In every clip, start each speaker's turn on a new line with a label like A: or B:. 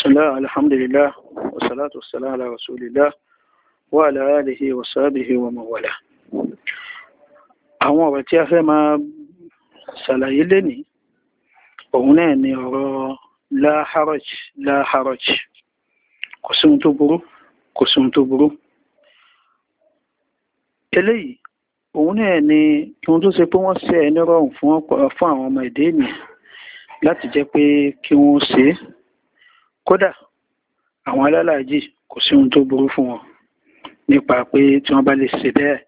A: بسم الله الحمد لله والصلاة والسلام على رسول الله وعلى آله وصحبه ومن والاه àwọn ọ̀rọ̀ tí a fẹ́ máa ṣàlàyé lénìí òun náà ni ọ̀rọ̀ la haraj la haraj kò sí ohun tó burú kò sí ohun tó burú eléyìí òun náà ni ohun tó ṣe pé wọ́n ṣe ẹni rọrùn fún àwọn ọmọ èdè ènìyàn láti jẹ́ pé kí wọ́n ṣe é kódà àwọn alálàájì kò sí ohun tó burú fún wọn nípa pé tí wọ́n bá lè ṣe bẹ́ẹ̀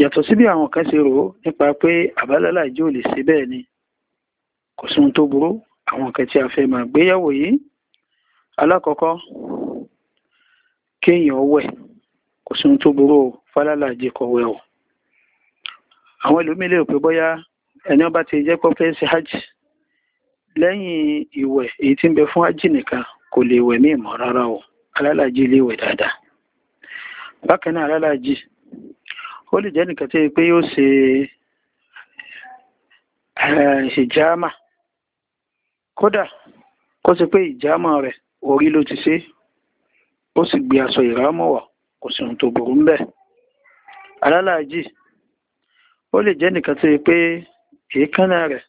A: yàtọ̀ sí bí àwọn kan ṣe rò ó nípa pé àbálálàájì ò lè ṣe bẹ́ẹ̀ ni kò sí ohun tó burú àwọn kan tí a fẹ́ máa gbéyàwó yìí alákọ̀ọ́kọ́ kéèyàn wẹ̀ kò sí ohun tó burú fálálàájì kó wẹ̀ o àwọn ìlú mi lè pè bóyá ẹni ọba ti jẹ́ pé ó fẹ́ ṣe hajj lẹ́yìn ìwẹ̀ èyí tí ń bẹ fún ájì nìkan kò lè wẹ̀ mí mọ́ rárá o alálàájì lè wẹ̀ dáadáa bákan náà alálàájì ó lè jẹ́ nìkan tó yẹ pé yóò ṣe ìjàmà eh, kódà kó ṣe pé ìjàmà rẹ̀ orí ló ti ṣe ó sì gbé aṣọ ìrámọ̀ wọ̀ kò sí ohun tó burú ń bẹ̀ ó lè jẹ́ nìkan tó yẹ pé èékánná rẹ̀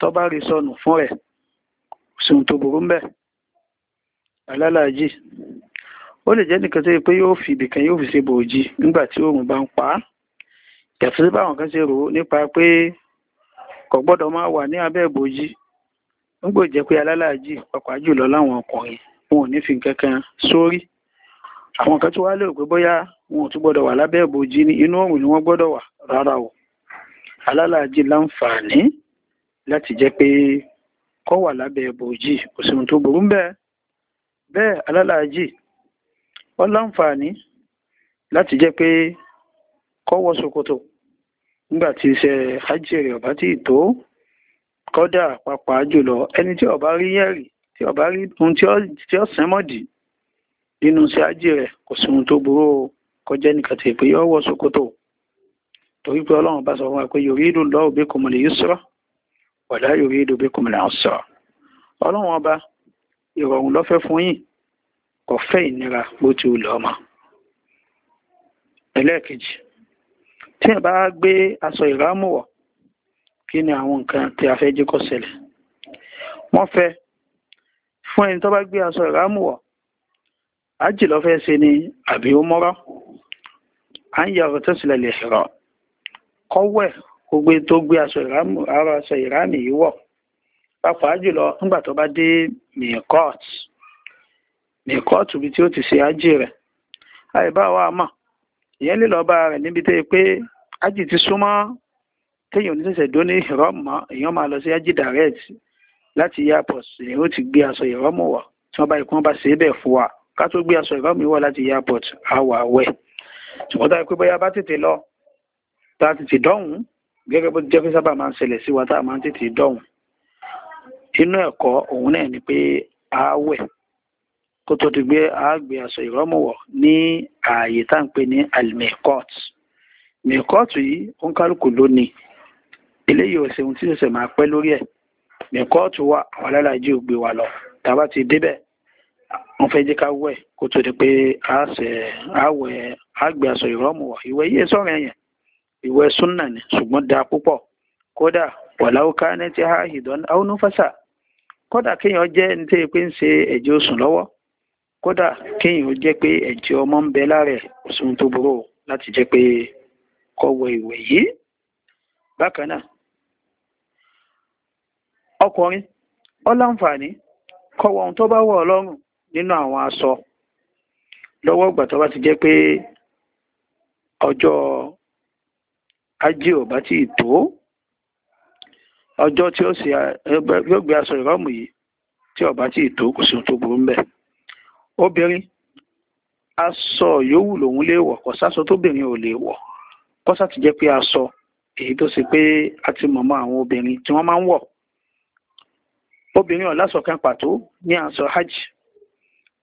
A: tó bá rí sọnù fún rẹ̀ sùn tó burú mbẹ́ alálàájì ó lè jẹ́ nìkan tó yẹ pé yóò fi ibìkan yóò fi ṣe bòójì nígbà tí oòrùn bá ń pa á yàtọ̀ sí báwọn kan ṣe rò ó nípa pé kò gbọ́dọ̀ máa wà ní abẹ́ bòójì nígbò jẹ́ pé alálàájì pàpà jùlọ láwọn ọkùnrin wọn ò ní fi kankan sórí àwọn kan tó wá lérò pé bóyá wọn ò tún gbọ́dọ̀ wà lábẹ́ bòójì ní inú oòrùn ni wọ́n gbọ́dọ̀ wà rárá o alálàájì láǹfààní láti jẹ́ pé kó wà lábẹ́ bòójì kò sí ohun tó burú bẹ́ẹ̀ bẹ́ẹ̀ alálàájì ó láǹfààní láti jẹ́ pé kó wọ ṣòkòtò nígbà tí iṣẹ́ hajj rẹ̀ ọ̀bá tí ì tó kódà pàápàá jùlọ ẹni tí ọ̀bá rí yẹ̀rì tí ọ̀bá rí ohun tí ó sẹ́mọ̀dì nínú iṣẹ́ hajj rẹ̀ kò sí ohun tó burú kọjá nìkan tí pé yọ wọ ṣòkòtò torí pé ọlọ́run bá sọ fún wa pé yòrí ìlú lọ́wọ́ bí kò mọ̀ lè yí sọ́rọ́ wala yuridu bikum al-'usra ọlọ́run ọba ìrọ̀rùn lọ́fẹ́ fún yín kò fẹ́ ìnira bó ti wùlọ ọmọ ẹlẹ́ẹ̀kejì tí ẹ bá gbé aṣọ ìrámù wọ̀ kí ni àwọn nǹkan tí a fẹ́ jẹ́ kó ṣẹlẹ̀ wọ́n fẹ́ fún ẹni tó bá gbé aṣọ ìrámù wọ̀ ájì ló ṣe ni àbí ó mọ́rọ́ à ń yàrá tó sílẹ̀ lè rọ̀ kọ́wẹ́ kó gbé tó gbé aṣọ ìrámì yìí wọ̀ pàápàá jùlọ nígbà tó bá dé mikot mikot ibi tí ó ti ṣe ájì rẹ̀ àìbá wa mọ̀ ìyẹn lè lọ́ọ́ bá rẹ̀ níbi tẹ́ pé ájì ti súnmọ́ téèyàn oníṣẹ̀ṣẹ̀ dó ní ìrọ́mọ́ èèyàn máa lọ sí ájì direct láti airport èèyàn ó ti gbé aṣọ ìrọ́mù wọ̀ tí wọ́n bá ikú wọn bá ṣe é bẹ̀ fún wa ká tó gbé aṣọ ìrọ́mù wọ̀ láti airport àwọ̀ àwẹ̀ ṣùgbọ́n tá a pé bóyá bá tètè lọ tá a tètè dọ́hùn gẹ́gẹ́ bó ti jẹ́ pé sábà máa ń ṣẹlẹ̀ sí wa tá a máa ń tètè dọ̀hùn inú ẹ̀kọ́ òun náà ni pé a wẹ̀ kó tó ti gbé a gbé aṣọ ìrọ́mọ̀wọ̀ ní ààyè tá à ń pè ní alimekot mekot yìí ó kálukú lónìí eléyìí ò ohun tí ṣẹ̀ṣẹ̀ máa pẹ́ lórí ẹ̀ mekot wa àwọn alálàájì ò gbé wa lọ tá a bá ti débẹ̀ wọ́n fẹ́ jẹ́ ká wẹ̀ kó tó di pé a ṣe àwẹ̀ àgbẹ̀ aṣọ ìrọ́mọ̀wọ̀ ìwẹ̀ yìí sọ̀rọ̀ yẹn iwe súnà ni da púpọ̀ kódà wàláwùká ní ha ìdán aunufasa kódà kéèyàn jẹ ní tẹ́ pé ń ṣe ẹ̀jẹ̀ oṣù lọ́wọ́ kódà kéèyàn jẹ́ pé ọmọ ń bẹ lára ẹ̀ oṣùn tó burú láti jẹ́ pé kọ̀wé ìwẹ̀ yìí bákan náà ọkùnrin ọláǹfààní kọ̀wọ̀ ohun tó bá nínú ti pé ọjọ. ajé ò bá tí ì tó ọjọ́ tí ó sì yóò gbé aṣọ ìrọ́mù yìí tí ò bá tí ì tó kò sí ohun tó burú ńbẹ̀ obìnrin aṣọ yòówù lòun lè wọ̀ kọ́ sáṣọ tóbìnrin ò lè wọ̀ kọ́ sá ti jẹ́ pé aṣọ èyí tó ṣe pé a ti mọ̀mọ́ àwọn obìnrin tí wọ́n máa ń wọ̀ obìnrin ọ̀lásọ kan pàtó ní aṣọ hajj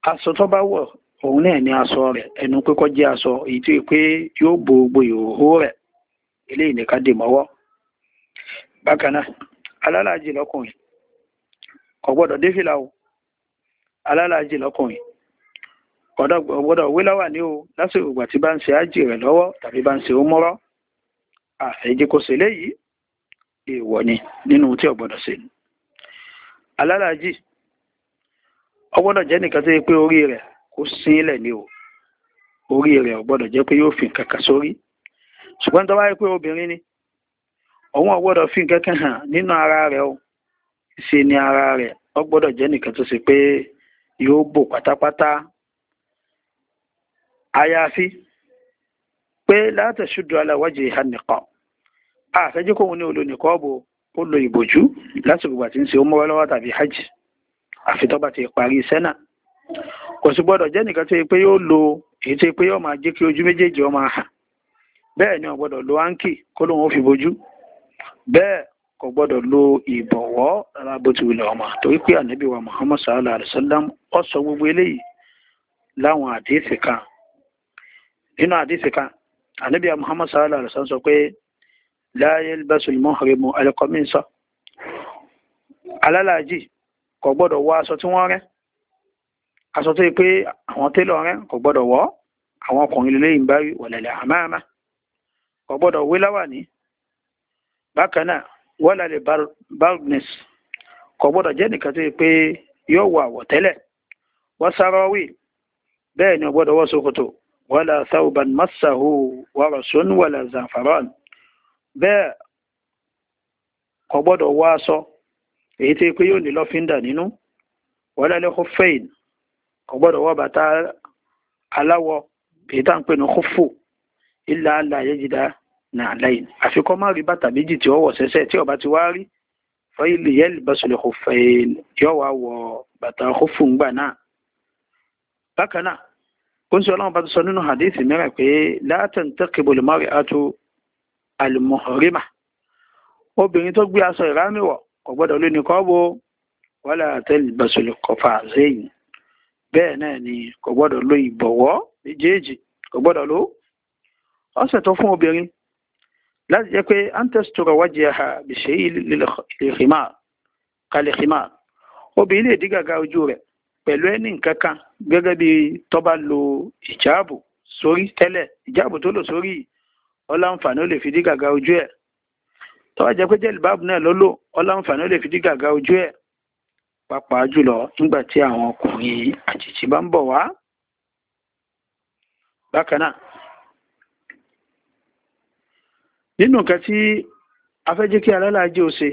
A: aṣọ tó bá wọ̀ òun náà ní aṣọ rẹ̀ ẹnu pé kó jẹ́ aṣọ èyí tó yẹ pé yóò bo gbogbo ìhòòhò rẹ̀ eléyìí ní ká dè mọ́wọ́ bákan náà alálàájì lọ́kùnrin kò gbọ́dọ̀ dé fìlà o alálàájì lọ́kùnrin ọ̀gbọ́dọ̀ wíláwà ní o lásìkò ìgbà tí bá ń ṣe ájì rẹ̀ lọ́wọ́ tàbí bá ń ṣe ómọ́rọ́ àfẹ́jíkóṣe léyìí èèwọ̀ ni nínú tí ọ̀gbọ́dọ̀ ṣe alálàájì ọgbọ́dọ̀ jẹ́ nìkan tó yẹ pé orí rẹ̀ kó sílẹ̀ ni o orí rẹ̀ ọ̀gbọ́dọ̀ jẹ́ pé yóò fi nǹkan kan sórí ṣùgbọ́n tó bá rí pé obìnrin ni òun ọ̀gbọ́dọ̀ fi nǹkan kan hàn ara rẹ̀ o ṣe ni ara rẹ̀ ó jẹ́ nìkan tó ṣe pé yóò bò pátápátá àyàfi pé látẹ̀ṣùdù aláwájì ìhànìkan àfẹ́jú kóhun ní olónìkọ́ bò ó lo ìbòjú hajj àfi ti parí iṣẹ́ náà kò sì gbọ́dọ̀ jẹ́ nìkan tó ṣe pé yóò lo èyí tó ṣe pé bẹ́ẹ̀ ni ó gbọ́dọ̀ lo áńkì kó lóun ó fi bojú bẹ́ẹ̀ kò gbọ́dọ̀ lo ìbọ̀wọ́ rárá bó ti wulẹ̀ ọmọ torí pé ànábì wa muhammad sallallahu alayhi wa sallam ó sọ gbogbo eléyìí láwọn àdéhìsì kan nínú àdéhìsì kan ànábì wa muhammad sallallahu alayhi wa sallam sọ pé la yalbasul muhrimu al-qamisa alálàájì kò gbọ́dọ̀ wọ aṣọ tí wọ́n rẹ́ aṣọ tó yẹ pé àwọn télọ̀ rẹ́ kò gbọ́dọ̀ wọ̀ àwọn ọkùnrin lélẹ́yìn báyìí wọ̀lẹ̀lẹ̀ àmàmà kò gbọ́dọ̀ wé láwàní bákan náà wọ́n lálẹ́ baldness kò gbọ́dọ̀ jẹ́ nìkan tó yẹ pé yóò wọ àwọ̀tẹ́lẹ̀ wọ́n sáráwì bẹ́ẹ̀ ni ó gbọ́dọ̀ wọ ṣòkòtò wala thawban massahu warasun wala zafaran bẹ́ẹ̀ kò gbọ́dọ̀ wọ aṣọ èyí tó pé yóò ní lọ́fíńdà nínú wala lil khuffayn kò gbọ́dọ̀ wọ bàtà aláwọ̀ èyí tá ń pè ní kófò ilà àlà yẹjìdá náà láyìn àfikọ́ má rí bàtà méjì tí ó wọ̀ sẹ́sẹ́ tí ọba ti wá rí fọ́ìlì yẹ́lì bọ́sùlẹ̀ kò fẹ́ yọ wá wọ bàtà kófù ńgbà náà bákan náà ó ń sọ ọlọ́run bá ti sọ nínú hadith mìíràn pé látàn tẹ́kìbò lè mọ́rí àtò àlùmọ̀ọ́rìmà obìnrin tó gbé aṣọ ìrámìwọ̀ kò gbọ́dọ̀ lónìí kọ́ bo wàhálà àtẹ́lì bàṣọlẹ̀ kọfà zẹ́yìn bẹ́ẹ̀ náà ni kò gbọ́dọ̀ lo ìbọ̀wọ́ méjèèjì kò gbọ́dọ̀ lo ọ̀sẹ̀ tó fún obìnrin láti jẹ́ pé antes tó rọwájì ẹ̀hà bìṣẹ́ ìlẹ̀kìmá kalẹ̀kìmá obìnrin lè dí gàgà ojú rẹ̀ pẹ̀lú ẹni nǹkan kan gẹ́gẹ́ bí tó bá lo ìjáàbù sórí tẹ́lẹ̀ ìjáàbù tó lò sórí ọláǹfààní ó lè fi dí gàgà ojú ẹ̀ tó bá pé jẹ́lì báàbù náà ló lò ó lè fi dí ojú ẹ̀ pàápàá jùlọ nígbà tí àwọn ọkùnrin àjèjì bá ń bọ̀ wá bákan náà nínú nǹkan tí a fẹ́ jẹ́ kí alálàájì ó ṣe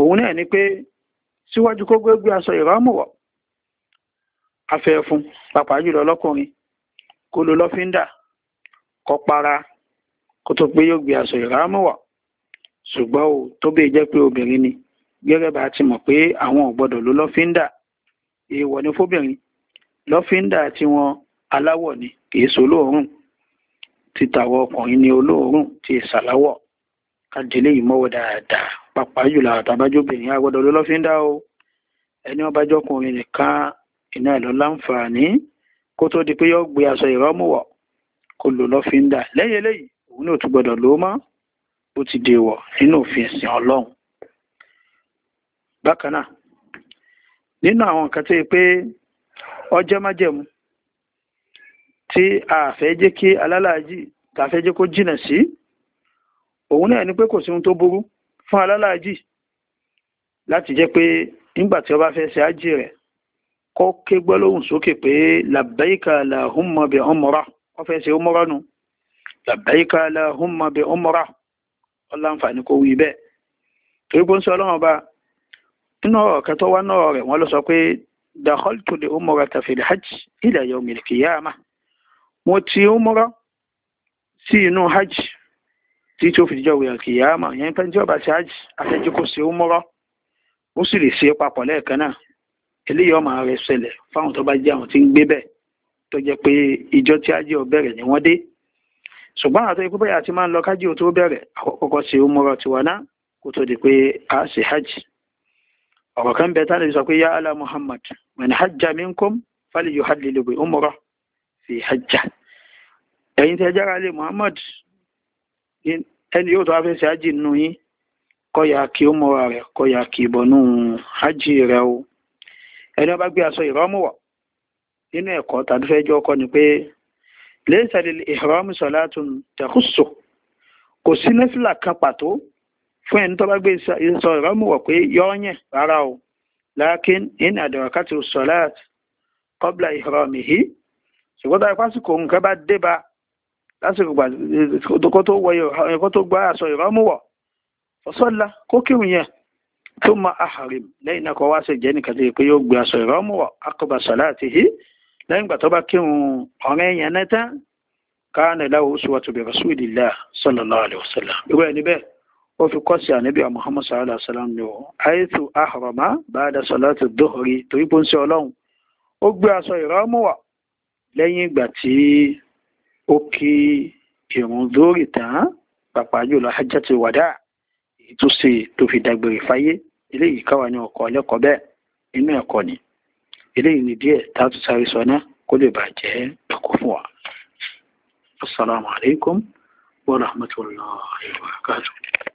A: òun náà ni pé síwájú kó gbégbé aṣọ ìrámù wọ̀ afẹ́ fún pàpà jùlọ lọ́kùnrin kó lo lọ́fíńdà kó para kó tó pé yóò gbé aṣọ ìrámù wọ̀ ṣùgbọ́n o tó bẹ́ẹ̀ jẹ́ pé obìnrin ni gẹ́gẹ́ bá ti mọ̀ pé àwọn ò gbọ́dọ̀ lọ́fíńdà èèwọ̀ ni fóbìnrin lọ́fíńdà tiwọn aláwọ̀ ni kì í solóòórùn títàwọ ọkùnrin ní olóòórùn ti ìsàláwọ̀ kájílé ìmọ̀wọ̀ dáadáa pàápàá jùlọ àtàbájóbìnrin agbọ́dọ̀ ló lọ́fín dá o ẹni wọn bá jọkùnrin nìkan iná ẹ̀ lọ láǹfààní kó tó di pé yóò gbé aṣọ ìrọ́mùwọ̀ kó lò lọ́fín dá lẹ́yìn eléyìí òun náà tún gbọ́dọ̀ lò ó mọ́ ó ti dèwọ̀ nínú òfin ẹ̀sìn ọlọ́run bákan náà nínú àwọn nǹkan tó yẹ pé ọjọ́ májẹ̀mú tí a fẹ́ jẹ́ kí alálàájì ta fẹ́ jẹ́ kó jìnà sí òun náà ni pé kò sí ohun tó burú fún alálàájì láti jẹ́ pé nígbà tí ó bá fẹ́ ṣe ájì rẹ̀ kó ké gbólóhùn sókè pé labbaika lahumma bi umra wọ́n fẹ́ ṣe umra nu labbaika lahumma bi umra ọláǹfààní kó wí bẹ́ẹ̀ torí pé ń sọ ọlọ́run ọba nínú ọ̀rọ̀ kẹtọ́ wá náà rẹ̀ wọ́n lọ sọ pé dakhaltu li umrata fil hajj ila yawmil qiyamah mo ti umra sí inú hajj tí ti o fi jọ wíyà kìyàmà yẹn pẹ́ tí ọba ṣe hajj afẹ́jú kò sí umra ó sì lè ṣe papọ̀ ọ náà eléyìí ọmọ rẹ̀ ṣẹlẹ̀ fáwọn tó bá jẹ́ àwọn tí ń gbé bẹ́ẹ̀ tó jẹ́ pé ìjọ tí hajj ó ni wọ́n dé máa ń lọ kájí tó bẹ̀rẹ̀ àkọ́kọ́ tiwa náà kó tó di hajj ọ̀rọ̀ kan bẹ sọ pé fali sí hajjá ẹ̀yin tẹ́ jára Muhammad ẹni yóò tó afẹ́ hajj nù yín kọ́yà kí ó mọ́ra rẹ̀ kọ́yà kí ìbọnú hajj rẹ̀ o ẹni ọba gbé aṣọ ìrọ́mù nínú ẹ̀kọ́ tàbí fẹ́ jọ pé ṣùgbọ́n tá ìpásìkò nǹkan bá dé ba lásìkò kó tó wọ ẹ̀kọ́ tó gbá aṣọ ìrọ́mùwọ̀ ọ̀sọ́la kó kírun yẹn tó ma aharim lẹ́yìn náà kọ́ wá sí jẹ́nì kan tó yẹ pé yóò gbé aṣọ ìrọ́mùwọ̀ akọba salatihi lẹ́yìn ìgbà tó bá kírun ọ̀rẹ́ yẹn náà tán káàní lahu uswatun bi rasulillah sallallahu alaihi wasallam irú ẹni bẹ́ẹ̀ ó fi kọ́ sí ànábì lẹ́yìn ìgbà tí ó kí ìrun dóòrì tán pàápàá jùlọ hajjatul wada èyí tó ṣe tó fi dágbére fáyé eléyìí káwa ní ọkọ ọlẹ́kọ̀ọ́ bẹ́ẹ̀ inú ẹ̀kọ́ ni eléyìí ni díẹ̀ tá a tún sáré sọ náà kó lè bàjẹ́ ẹ̀kọ́ fún wa. assalamu wa rahmatullahi wa barakatuh.